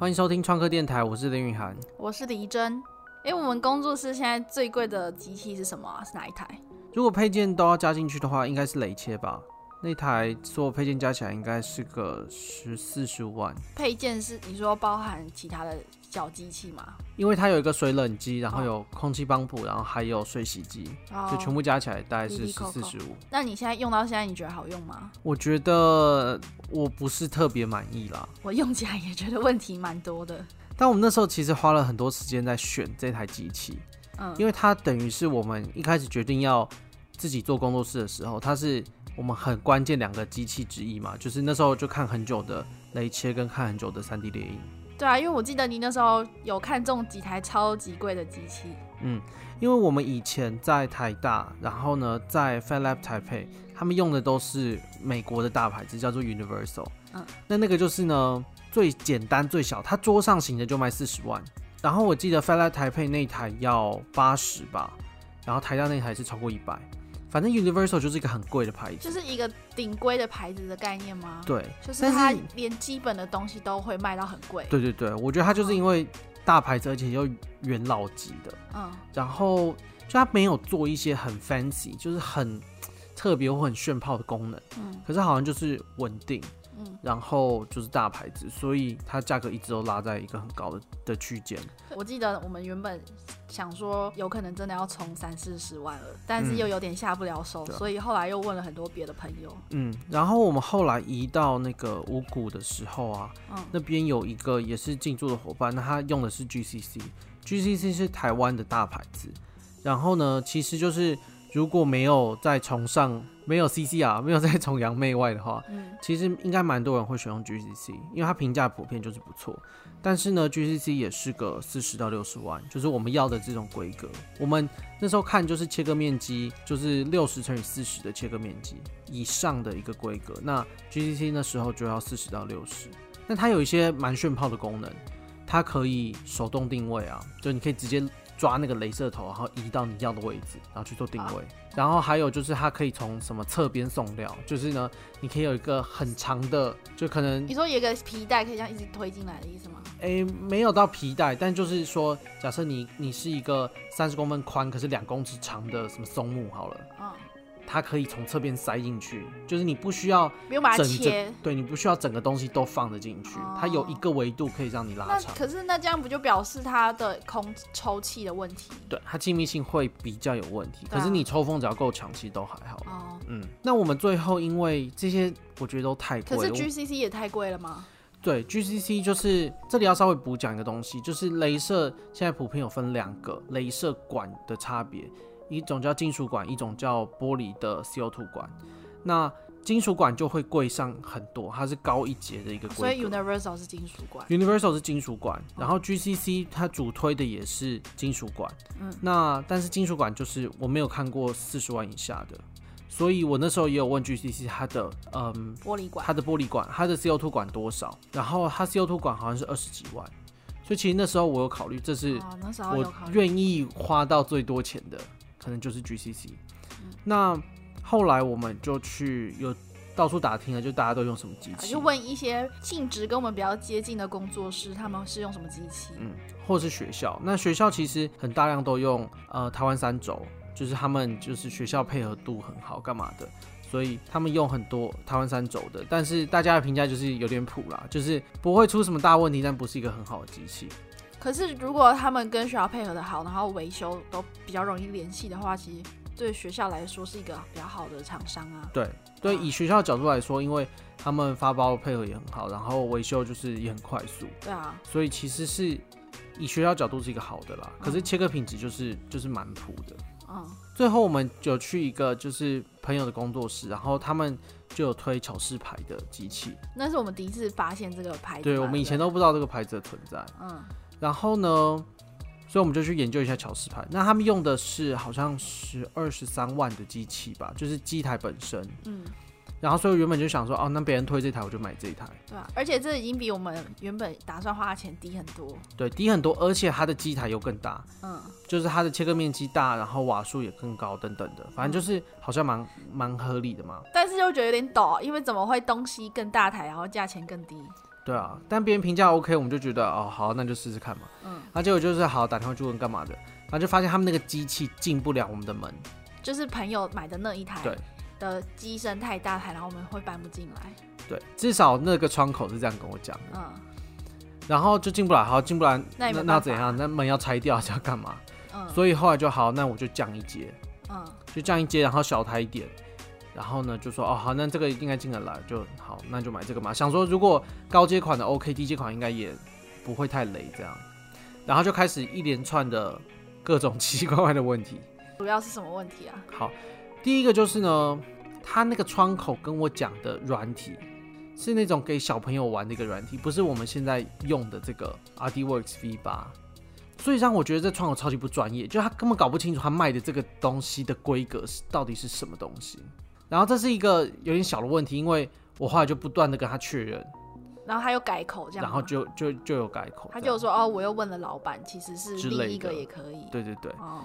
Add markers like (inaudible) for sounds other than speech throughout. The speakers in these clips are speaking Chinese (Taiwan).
歡迎收聽創客電台，我是林雨涵，我是李儀真。誒，我們工作室現在最貴的機器是什麼？是哪一台？如果配件都要加進去的話，應該是雷切吧。那台做配件加起來應該是個十四十五萬。配件是你說包含其他的小機器嗎？因為它有一個水冷機，然後有空氣幫浦，然後還有水洗機，就全部加起來大概是十四十五。那你現在用到現在，你覺得好用嗎？我覺得我不是特別滿意啦。我用起來也覺得問題蠻多的。但我們那時候其實花了很多時間在選這台機器，嗯，因為它等於是我們一開始決定要自己做工作室的時候，它是。我們很關鍵兩個機器之一嘛，就是那時候就看很久的雷切跟看很久的 3D 列印。對啊，因為我記得你那時候有看中幾台超級貴的機器。嗯，因為我們以前在台大，然後呢在 FabLab 台北，他們用的都是美國的大牌子，叫做 Universal。嗯，那那個就是呢最簡單最小，它桌上型的就賣四十萬，然後我記得 FabLab 台北那台要八十吧，然後台大那台是超過一百。反正 Universal 就是一個很貴的牌子，就是一個頂規的牌子的概念嗎？對，就是它連基本的東西都會賣到很貴。對對對，我覺得它就是因為大牌子，而且又元老級的，嗯，然後就它沒有做一些很 fancy，就是很特別或很炫炮的功能，嗯，可是好像就是穩定，嗯，然後就是大牌子，所以它價格一直都拉在一個很高的的區間。我記得我們原本。想說有可能真的要充三四十萬了，但是又有點下不了手，嗯、所以後來又問了很多別的朋友。嗯，然後我們後來移到那個五股的時候啊，嗯、那邊有一個也是進駐的夥伴，那他用的是 GCC，GCC 是台灣的大牌子。然後呢，其實就是。如果沒有在崇尚沒有 CCR，沒有在崇洋媚外的話，嗯、其實應該蠻多人會選用 GCC 因為它評價普遍就是不錯。但是呢 GCC 也是個四十到六十萬，就是我們要的這種規格。我們那時候看就是切割面積，就是六十乘以四十的切割面積以上的一個規格。那 GCC 那時候就要四十到六十。那它有一些蠻炫炮的功能，它可以手動定位啊，就你可以直接。抓那個雷射頭，然後移到你要的位置，然後去做定位。然後還有就是，它可以從什麼側邊送料，就是呢，你可以有一個很長的，就可能你說有一個皮帶可以這樣一直推進來的意思嗎？誒，沒有到皮帶，但就是說，假設你你是一個三十公分寬，可是兩公尺長的什麼松木，好了。嗯。它可以從側邊塞進去，就是你不需要整、不用把它切。對，你不需要整個東西都放得進去。嗯、它有一個維度可以讓你拉長。可是那這樣不就表示它的空抽氣的問題？對，它氣密性會比較有問題。啊、可是你抽風只要夠強氣都還好。哦，嗯。那我們最後因為這些，我覺得都太貴。可是 GCC 也太貴了嗎？對，GCC 就是這裡要稍微補講一個東西，就是雷射現在普遍有分兩個雷射管的差別。一種叫金屬管，一種叫玻璃的 CO2 管。那金屬管就會貴上很多，它是高一節的一個貴。啊。所以 Un 是 Universal 是金屬管。Universal 是金屬管，然後 GCC 它主推的也是金屬管。嗯。那但是金屬管就是我沒有看過四十萬以下的，所以我那時候也有問 GCC 它的，嗯，玻璃管，它的玻璃管，它的 CO2 管多少？然後它 CO2 管好像是二十幾萬，所以其實那時候我有考慮，這是我願意花到最多錢的。可能就是 GCC，嗯，那後來我們就去有到處打聽了，就大家都用什麼機器？就問一些性質跟我們比較接近的工作室，他們是用什麼機器？嗯，或是學校？那學校其實很大量都用呃台灣三軸，就是他們就是學校配合度很好，幹嘛的？所以他們用很多台灣三軸的，但是大家的評價就是有點普啦，就是不會出什麼大問題，但不是一個很好的機器。可是，如果他們跟學校配合的好，然後維修都比較容易聯繫的話，其實對學校來說是一個比較好的廠商啊。對對，對嗯、以學校的角度來說，因為他們發包的配合也很好，然後維修就是也很快速。對啊，所以其實是以學校的角度是一個好的啦。嗯、可是切割品質就是就是蠻普的。嗯。最後，我們就去一個就是朋友的工作室，然後他們就有推巧士牌的機器。那是我們第一次發現這個牌子。對，我們以前都不知道這個牌子的存在。嗯。然後呢，所以我們就去研究一下巧士牌。那他們用的是好像是二十三萬的機器吧，就是機台本身。嗯。然後，所以原本就想說，哦，那別人推這台，我就買這台。對啊，而且這已經比我們原本打算花的錢低很多。對，低很多，而且它的機台又更大。嗯。就是它的切割面積大，然後瓦數也更高，等等的，反正就是好像蠻蠻合理的嘛。但是又覺得有點抖，因為怎麼會東西更大台，然後價錢更低？對啊，但別人評價 OK，我們就覺得哦好，那就試試看嘛。嗯，那後、啊、結果就是好打電話去問幹嘛的，然後就發現他們那個機器進不了我們的門，就是朋友買的那一台的機身太大台，對然後我們會搬不進來。對，至少那個窗口是這樣跟我講的。嗯，然後就進不來，好進不來，那那，那怎樣？那門要拆掉是要幹嘛？嗯，所以後來就好，那我就降一階，嗯，就降一階，然後小台一點。然後呢，就說哦好，那這個應該進得來就好，那就買這個嘛。想說如果高階款的 OK，低階款應該也不會太雷這樣。然後就開始一連串的各種奇奇怪怪的問題。主要是什麼問題啊？好，第一個就是呢，他那個窗口跟我講的軟體是那種給小朋友玩的一個軟體，不是我們現在用的這個 RDWorks V8。所以讓我覺得這窗口超級不專業，就他根本搞不清楚他賣的這個東西的規格是到底是什麼東西。然後這是一個有點小的問題，因為我後來就不斷的跟他確認，然後他又改、改口這樣，然後就就就有改口，他就說哦，我又問了老板，其實是另一個也可以，對對對，哦、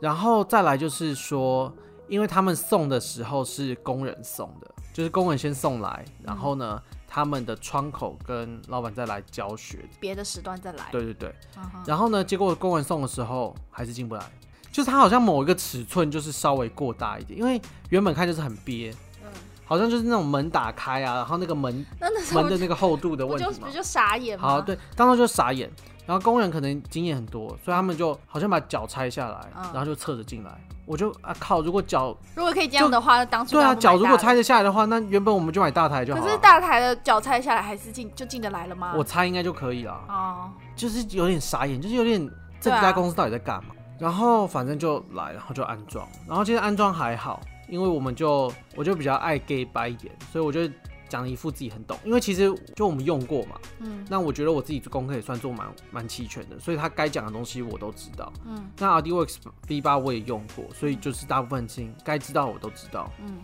然後再來就是說，因為他們送的時候是工人送的，就是工人先送來，然後呢，嗯、他們的窗口跟老板再來教學，別的時段再來，對對對，哦、哈然後呢，結果工人送的時候還是進不來。就是它好像某一個尺寸就是稍微過大一點，因為原本看就是很憋，嗯，好像就是那種門打開啊，然後那個門門的那個厚度的問題嘛，就傻眼。好，對，當中就傻眼，然後工人可能經驗很多，所以他們就好像把腳拆下來，然後就側着進來。我就啊靠，如果腳如果可以這樣的話，當初對啊，腳如果拆得下來的話，那原本我們就買大台就好。可是大台的腳拆下來還是進就進得來了嗎？我猜應該就可以了。哦，就是有點傻眼，就是有點這家公司到底在幹嘛？然後反正就來，然後就安裝，然後其實安裝還好，因為我們就我就比較愛假掰一點，所以我就講了一副自己很懂。因為其實就我們用過嘛，嗯，那我覺得我自己做功課也算做蠻蠻齊全的，所以他該講的東西我都知道，嗯。那 RDWorks V8 我也用過，所以就是大部分事情、嗯、該知道的我都知道，嗯。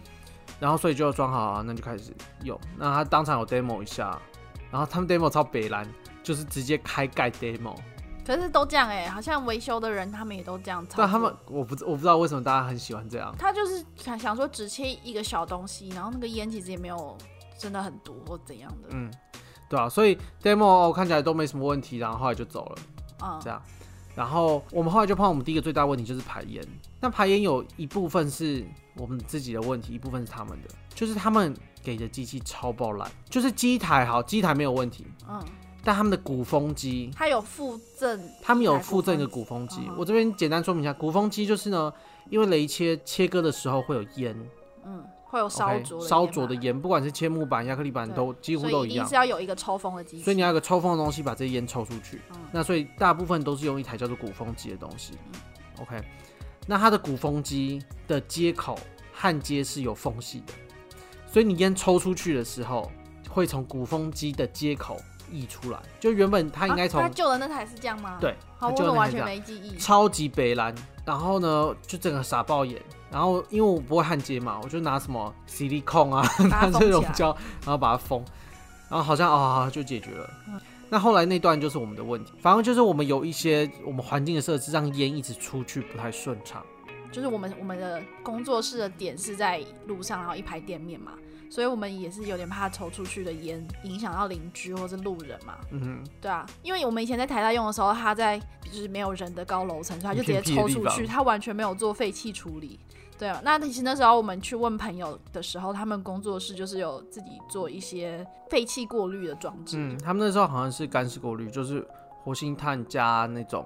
然後所以就裝好了啊，那就開始用。那他當場有 demo 一下，然後他們 demo 超北藍，就是直接開蓋 demo。可是都這樣哎、欸，好像維修的人他們也都這樣操作。但他們我不知我不知道為什麼大家很喜歡這樣。他就是想想說只切一個小東西，然後那個煙其實也沒有真的很多或怎樣的。嗯，對啊，所以 demo 看起來都沒什麼問題，然後後來就走了。嗯，這樣。然後我們後來就碰到我們第一個最大問題就是排煙，那排煙有一部分是我們自己的問題，一部分是他們的，就是他們給的機器超爆爛，就是機台好，機台沒有問題。嗯。但他們的鼓風機，它有附贈，他們有附贈一個鼓風機。我這邊簡單說明一下，鼓風機就是呢，因為雷切切割的時候會有煙，嗯，會有燒灼燒灼的煙，不管是切木板、亞克力板，都幾乎都一樣，是要有一個抽風的機。所以你要有一個抽風的東西把這些煙抽出去。那所以大部分都是用一台叫做鼓風機的東西。OK，那它的鼓風機的接口焊接是有縫隙的，所以你煙抽出去的時候會從鼓風機的接口。溢出來，就原本他應該從、啊、他救的那台是這樣嗎？對，好，我完全沒記憶。超級北藍，然後呢，就整個傻爆眼，然後因為我不會焊接嘛，我就拿什麼矽利康啊，拿 (laughs) 這種膠，然後把它封，然後好像啊、哦、就解決了。嗯、那後來那段就是我們的問題，反正就是我們有一些我們環境的設置，讓煙一直出去不太順暢。就是我們我們的工作室的點是在路上，然後一排店面嘛。所以，我們也是有點怕抽出去的煙影響到鄰居或是路人嘛。嗯哼，對啊，因為我們以前在台大用的時候，他在就是沒有人的高樓層，所以他就直接抽出去，片片他完全沒有做廢氣處理。對啊，那其實那時候我們去問朋友的時候，他們工作室就是有自己做一些廢氣過濾的裝置。嗯，他們那時候好像是乾濕過濾，就是活性炭加那種。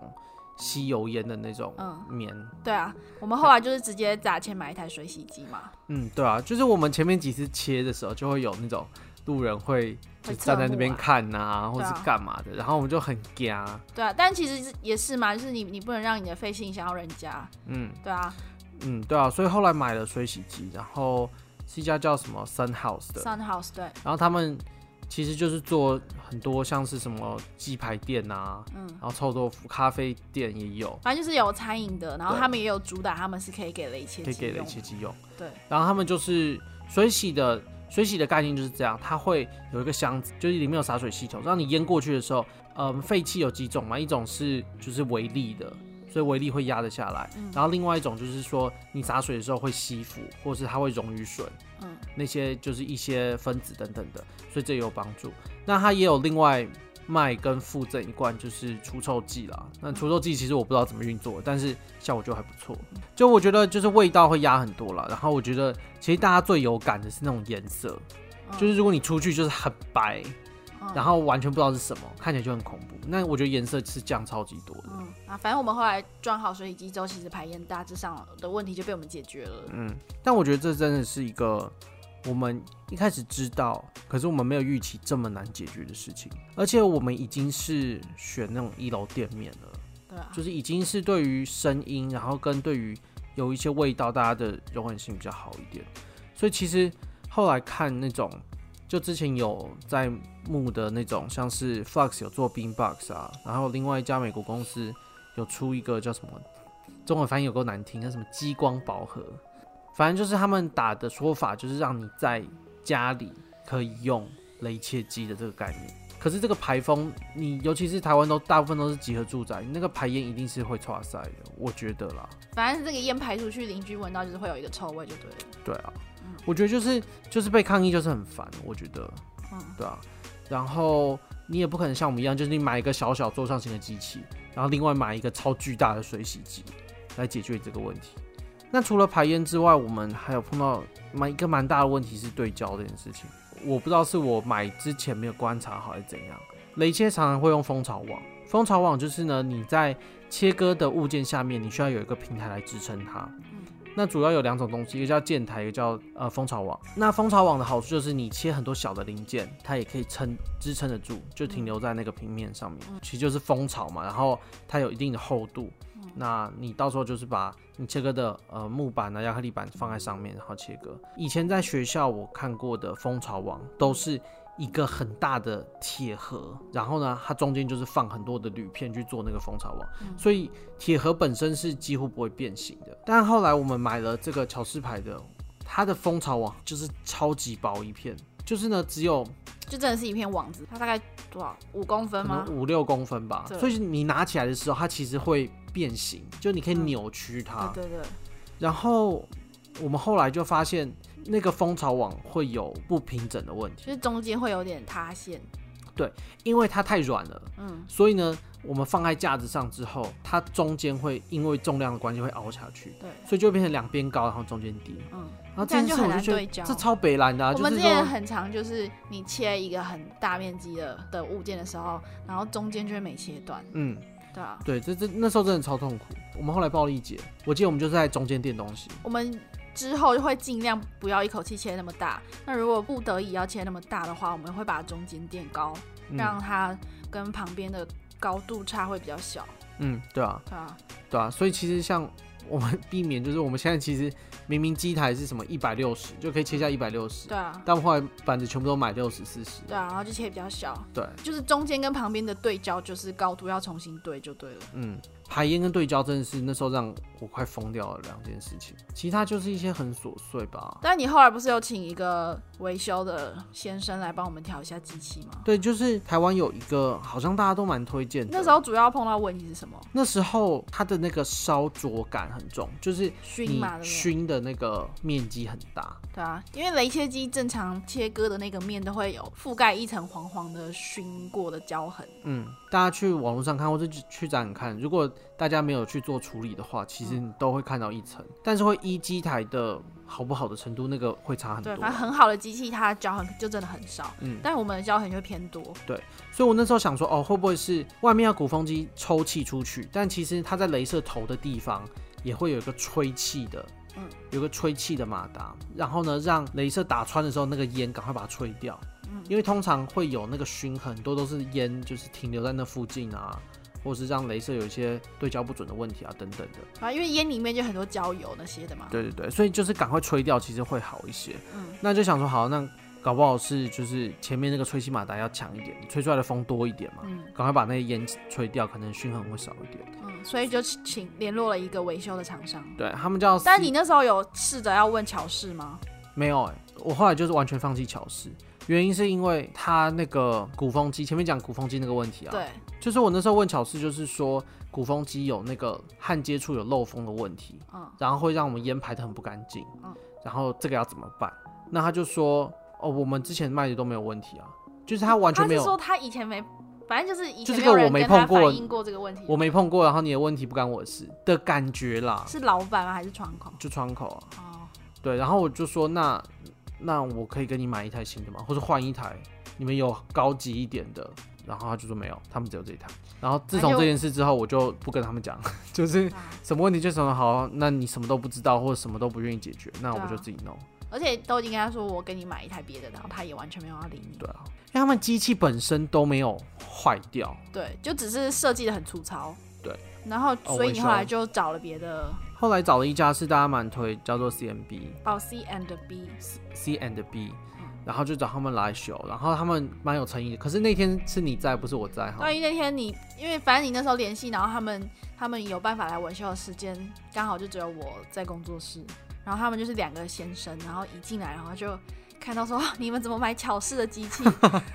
吸油煙的那種棉，嗯，對啊，我們後來就是直接砸錢買一台水洗機嘛。嗯，對啊，就是我們前面幾次切的時候，就會有那種路人會站在那邊看啊，啊或是幹嘛的，然後我們就很夾。對啊，但其實也是嘛，就是你你不能讓你的費心想要人家。嗯，對啊，嗯，對啊，所以後來買了水洗機，然後是一家叫什麼 Sun House 的 Sun House，對，然後他們。其實就是做很多像是什麼雞排店吶、啊，嗯，然後臭豆腐、咖啡店也有，反正就是有餐飲的，然後他們也有主打，對他們是可以給了一些，可以給了一些機用。對，然後他們就是水洗的，水洗的概念就是這樣，它會有一個箱子，就是裡面有灑水系統，讓你淹過去的時候，嗯、呃，廢氣有幾種嘛？一種是就是微粒的。所以微粒會壓得下來，然後另外一種就是說，你灑水的時候會吸附，或是它會溶於水，那些就是一些分子等等的，所以這也有幫助。那它也有另外賣跟附贈一罐就是除臭劑啦。那除臭劑其實我不知道怎麼運作，但是效果就還不錯。就我覺得就是味道會壓很多啦。然後我覺得其實大家最有感的是那種顏色，就是如果你出去就是很白。嗯、然後完全不知道是什麼，看起來就很恐怖。那我覺得顏色是降超級多的。嗯啊，反正我們後來裝好水洗機之後，其實排煙大致上的問題就被我們解決了。嗯，但我覺得這真的是一個我們一開始知道，可是我們沒有預期這麼難解決的事情。而且我們已經是選那種一樓店面了，對啊，就是已經是對於聲音，然後跟對於有一些味道，大家的容忍性比較好一點。所以其實後來看那種。就之前有在幕的那種，像是 Fox 有做冰 box 啊，然後另外一家美國公司有出一個叫什麼，中文反譯，有夠難聽，叫什麼激光飽和。反正就是他們打的說法，就是讓你在家裡可以用雷切機的這個概念。可是這個排風，你尤其是台灣都大部分都是集合住宅，那個排煙一定是會臭塞的，我覺得啦。反正是這個煙排出去，鄰居聞到就是會有一個臭味就對了。對啊。我覺得就是就是被抗議，就是很煩，我覺得，嗯，對啊，然後你也不可能像我們一樣，就是你買一個小小桌上型的機器，然後另外買一個超巨大的水洗機來解決這個問題。那除了排煙之外，我們還有碰到蠻一個蠻大的問題是對焦這件事情。我不知道是我買之前沒有觀察好還是怎樣，雷切常常會用蜂巢網，蜂巢網就是呢，你在切割的物件下面，你需要有一個平台來支撐它。那主要有兩種東西，一個叫箭台，一個叫呃蜂巢網。那蜂巢網的好處就是你切很多小的零件，它也可以撐支撐得住，就停留在那個平面上面。其實就是蜂巢嘛，然後它有一定的厚度。那你到時候就是把你切割的呃木板啊、壓克力板放在上面，然後切割。以前在學校我看過的蜂巢網都是。一個很大的鐵盒，然後呢，它中間就是放很多的鋁片去做那個蜂巢網，嗯、所以鐵盒本身是幾乎不會變形的。但後來我們買了這個巧士牌的，它的蜂巢網就是超級薄一片，就是呢只有，就真的是一片網子，它大概多少？五公分嗎？五六公分吧。這所以你拿起來的時候，它其實會變形，就你可以扭曲它。嗯、對，對對。然後我們後來就發現。那個蜂巢網會有不平整的問題，就是中間會有點塌陷。對，因為它太軟了，嗯。所以呢，我們放在架子上之後，它中間會因為重量的關係會凹下去。對，所以就會變成兩邊高，然後中間低。嗯，然後這次我就覺得就很難對焦。這超北藍的，啊。我們之前很常就是你切一個很大面積的的物件的時候，然後中間就沒切斷。嗯，對啊。對，這這那時候真的超痛苦。我們後來暴力解，我記得我們就是在中間墊東西。我們。之後就會盡量不要一口氣切那麼大。那如果不得已要切那麼大的話，我們會把中間墊高，嗯、讓它跟旁邊的高度差會比較小。嗯，對啊，對啊，對啊。所以其實像我們避免就是我們現在其實明明機台是什麼一百六十就可以切下一百六十，對啊。但我後來板子全部都買六十四十，對啊，然後就切比較小，對，就是中間跟旁邊的對焦就是高度要重新對就對了，嗯。排煙跟對焦真的是那時候讓我快瘋掉了兩件事情，其他就是一些很瑣碎吧。但你後來不是有請一個維修的先生來幫我們調一下機器嗎？對，就是台灣有一個好像大家都蠻推薦的。那時候主要碰到問題是什麼？那時候它的那個燒灼感很重，就是燻燻的那個面積很大。對啊，因為雷切機正常切割的那個面都會有覆蓋一層黃黃的燻過的焦痕。嗯，大家去網絡上看或者去展展看，如果大家沒有去做處理的話，其實你都會看到一層，但是會依機台的好不好的程度，那個會差很多啊。對，反正很好的機器它焦痕就真的很少，嗯，但我們焦痕就會偏多。對，所以我那時候想說，哦，會不會是外面要鼓風機抽氣出去？但其實它在鐳射頭的地方也會有一個吹氣的，嗯，有個吹氣的馬達，然後呢，讓鐳射打穿的時候，那個煙趕快把它吹掉，嗯，因為通常會有那個燻痕，很多都是煙就是停留在那附近啊。或是讓雷射有一些對焦不準的問題啊，等等的，因為煙裡面就很多焦油那些的嘛。對對對，所以就是趕快吹掉，其實會好一些。嗯，那就想說好，那搞不好是就是前面那個吹氣馬達要強一點，吹出來的風多一點嘛，趕快把那個煙吹掉，可能損耗會少一點。嗯，所以就請聯絡了一個維修的廠商，對，他們叫、C。但你那時候有試着要問巧士嗎？沒有、欸，我後來就是完全放棄巧士。原因是因為他那個鼓風機，前面講鼓風機那個問題啊，對，就是我那時候問巧士，就是說鼓風機有那個焊接處有漏風的問題，嗯，然後會讓我們煙排得很不乾淨，嗯，然後這個要怎麼辦？那他就說，哦，我們之前賣的都沒有問題啊，就是他完全沒有他是說他以前沒，反正就是以前沒有人跟他反映過這個問題有有，我沒碰過，然後你的問題不關我的事的感覺啦，是老闆啊還是窗口？就窗口啊，哦，對，然後我就說那。那我可以跟你買一台新的嗎？或者換一台？你們有高級一點的？然後他就說沒有，他們只有這一台。然後自從這件事之後，我就不跟他們講，啊、就， (laughs) 就是什麼問題就什麼好。那你什麼都不知道，或者什麼都不願意解決，那我就自己弄。啊、而且都已經跟他說我給你買一台別的，然後他也完全沒有要理你。對啊，因為他們機器本身都沒有壞掉。對，就只是設計得很粗糙。對，然後所以你後來就找了別的。哦後來找了一家是大家蠻推，叫做 C&B，哦 C and B，C C and B，然後就找他們來修，然後他們蠻有誠意的。可是那天是你在，不是我在哈。關於那天你，因為反正你那時候聯繫，然後他們他們有辦法來維修的時間，剛好就只有我在工作室，然後他們就是兩個先生，然後一進來，然後就。看到說，你們怎麼買巧士的機器，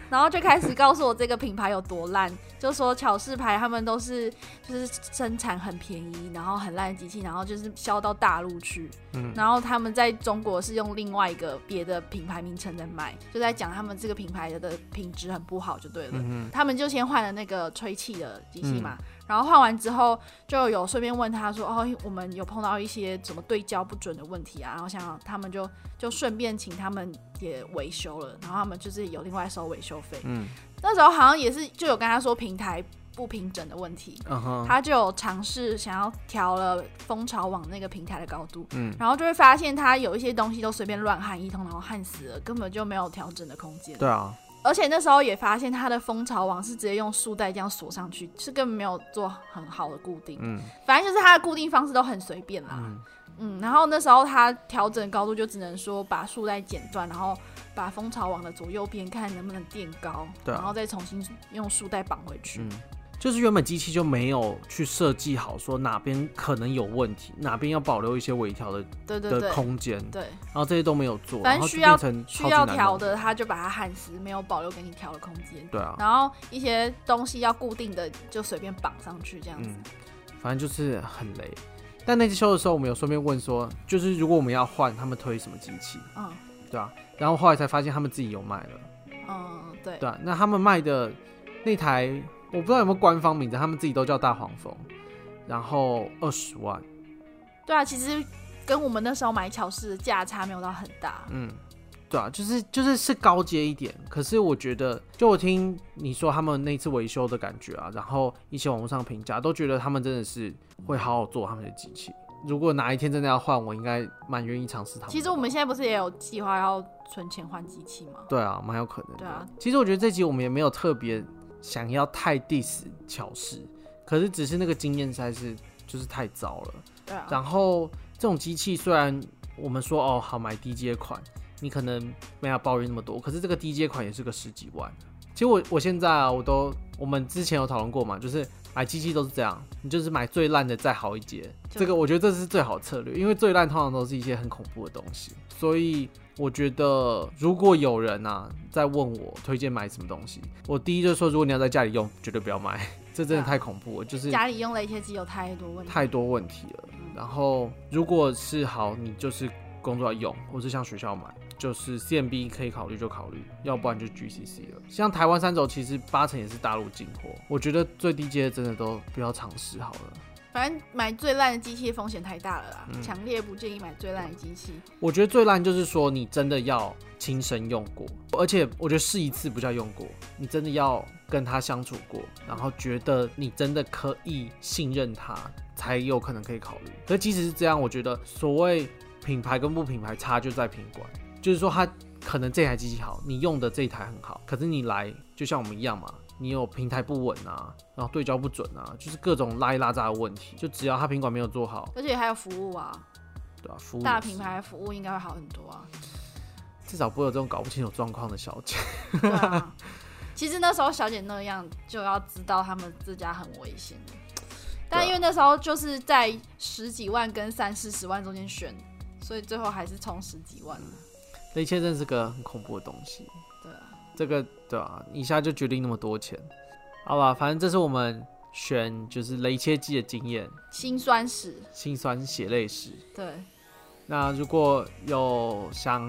然後就開始告訴我這個品牌有多爛，就說巧士牌他們都是就是生產很便宜，然後很爛的機器，然後就是銷到大陸去，然後他們在中國是用另外一個別的品牌名稱在賣，就在講他們這個品牌的的品質很不好就對了，他們就先換了那個吹氣的機器嘛。然後換完之後，就有順便問他說：“哦，我們有碰到一些什麼對焦不準的問題啊？”然後想他們就就順便請他們也維修了，然後他們就是有另外收維修費。嗯，那時候好像也是就有跟他說平台不平整的問題，嗯哼、uh-huh、他就有嘗試想要調了蜂巢網那個平台的高度，嗯，然後就會發現他有一些東西都隨便亂焊一通，然後焊死了，根本就沒有調整的空間。對啊。而且那時候也發現它的蜂巢網是直接用束帶這樣鎖上去，是根本沒有做很好的固定。嗯，反正就是它的固定方式都很隨便啦。嗯，嗯，然後那時候它調整高度就只能說把束帶剪斷，然後把蜂巢網的左右邊看能不能墊高，嗯，然後再重新用束帶綁回去。嗯。就是原本機器就沒有去設計好，說哪邊可能有問題，哪邊要保留一些微調的對，對，對的空間，對，然後這些都沒有做，但是需要需要調的，他就把它焊死，沒有保留給你調的空間，對啊，然後一些東西要固定的就隨便綁上去這樣子，子、嗯，反正就是很雷。但那次修的時候，我們有順便問說，就是如果我們要換，他們推什麼機器？嗯，對啊，然後後來才發現他們自己有賣了，嗯，對，對、啊，那他們賣的那台，我不知道有沒有官方名字，他們自己都叫大黃蜂，然後二十萬。對啊，其實跟我們那時候買巧士的價差沒有到很大。嗯，對啊，就是就是是高階一點，可是我覺得，就我聽你說他們那次維修的感覺啊，然後一些網絡上評價都覺得他們真的是會好好做他們的機器。如果哪一天真的要換，我應該蠻願意嘗試他們。其實我們現在不是也有計劃要存錢換機器嗎？對啊，蠻有可能的。對啊，其實我覺得這集我們也沒有特別。想要太 diss 巧士，可是只是那個經驗實在是就是太糟了。對啊。然後這種機器雖然我們說哦，好，買低階款，你可能沒有抱怨那麼多，可是這個低階款也是個十幾萬。其實我我現在啊，我都我們之前有討論過嘛，就是。買機器都是這樣，你就是買最爛的再好一截。就這個我覺得這是最好的策略，因為最爛通常都是一些很恐怖的東西，所以我覺得如果有人吶、啊、在問我推薦買什麼東西，我第一就說，如果你要在家裡用，絕對不要買， (laughs) 這真的太恐怖了，就是家裡用的一些機有太多問題了，太多問題了。然後如果是好，你就是工作要用，或是向學校買。就是 C&B 可以考慮就考慮，要不然就 GCC 了。像台灣三軸其實八成也是大陸進貨，我覺得最低階真的都不要嘗試好了。反正買最爛的機器的風險太大了啦，強、嗯、烈不建議買最爛的機器。我覺得最爛就是說你真的要親身用過，而且我覺得試一次不叫用過，你真的要跟他相處過，然後覺得你真的可以信任他，才有可能可以考慮。所以即使是這樣，我覺得所謂品牌跟不品牌差就在品管，就是說，他可能這台機器好，你用的這台很好，可是你來就像我們一樣嘛，你有平台不穩啊，然後對焦不準啊，就是各種拉一拉雜的問題。就只要他品管沒有做好，而且還有服務啊，對啊，服務大品牌服務應該會好很多啊，至少不會有這種搞不清楚狀況的小姐 (laughs) 、啊。其實那時候小姐那樣，就要知道他們這家很危險。啊、但因為那時候就是在十幾萬跟三四十萬中間選，所以最後還是衝十幾萬了。雷切真是個很恐怖的東西，對、啊這個，對啊，這個對啊，一下就決定那麼多錢，好吧，反正這是我們選就是雷切機的經驗，心酸史，心酸血淚史，對，那如果有想、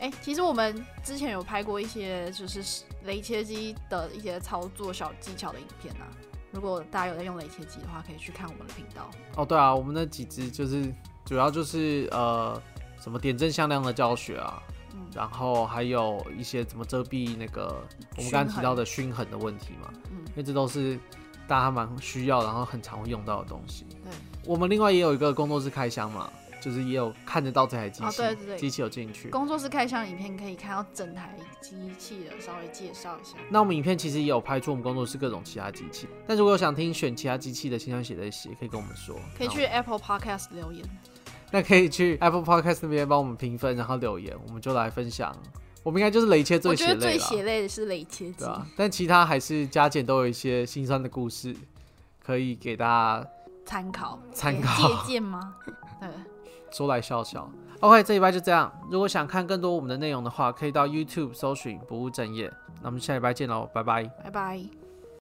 欸，其實我們之前有拍過一些就是雷切機的一些操作小技巧的影片啊，如果大家有在用雷切機的話，可以去看我們的頻道。哦，對啊，我們那幾支就是主要就是呃什麼點陣向量的教學啊。嗯、然後還有一些怎麼遮蔽那個我們剛剛提到的熏痕的問題嘛，嗯、因為這都是大家蠻需要，然後很常會用到的東西。對，我們另外也有一個工作室開箱嘛，就是也有看得到這台機器，啊、對對對機器有進去。工作室開箱影片可以看到整台機器的稍微介紹一下。那我們影片其實也有拍出我們工作室各種其他機器，但是如果有想聽選其他機器的音箱寫的一些，可以跟我們說。可以去 Apple Podcast 留言。那可以去 Apple Podcast 那邊幫我們評分，然後留言，我們就來分享。我們應該就是雷切最血淚，最血淚的是雷切，對啊。但其他還是加減都有一些心酸的故事，可以給大家參考、參考、 (laughs) 借鑒嗎？對 (laughs) 說來笑笑。OK，這禮拜就這樣。如果想看更多我們的內容的話，可以到 YouTube 搜尋不務正業。那我們下禮拜見嘍，拜拜，拜拜。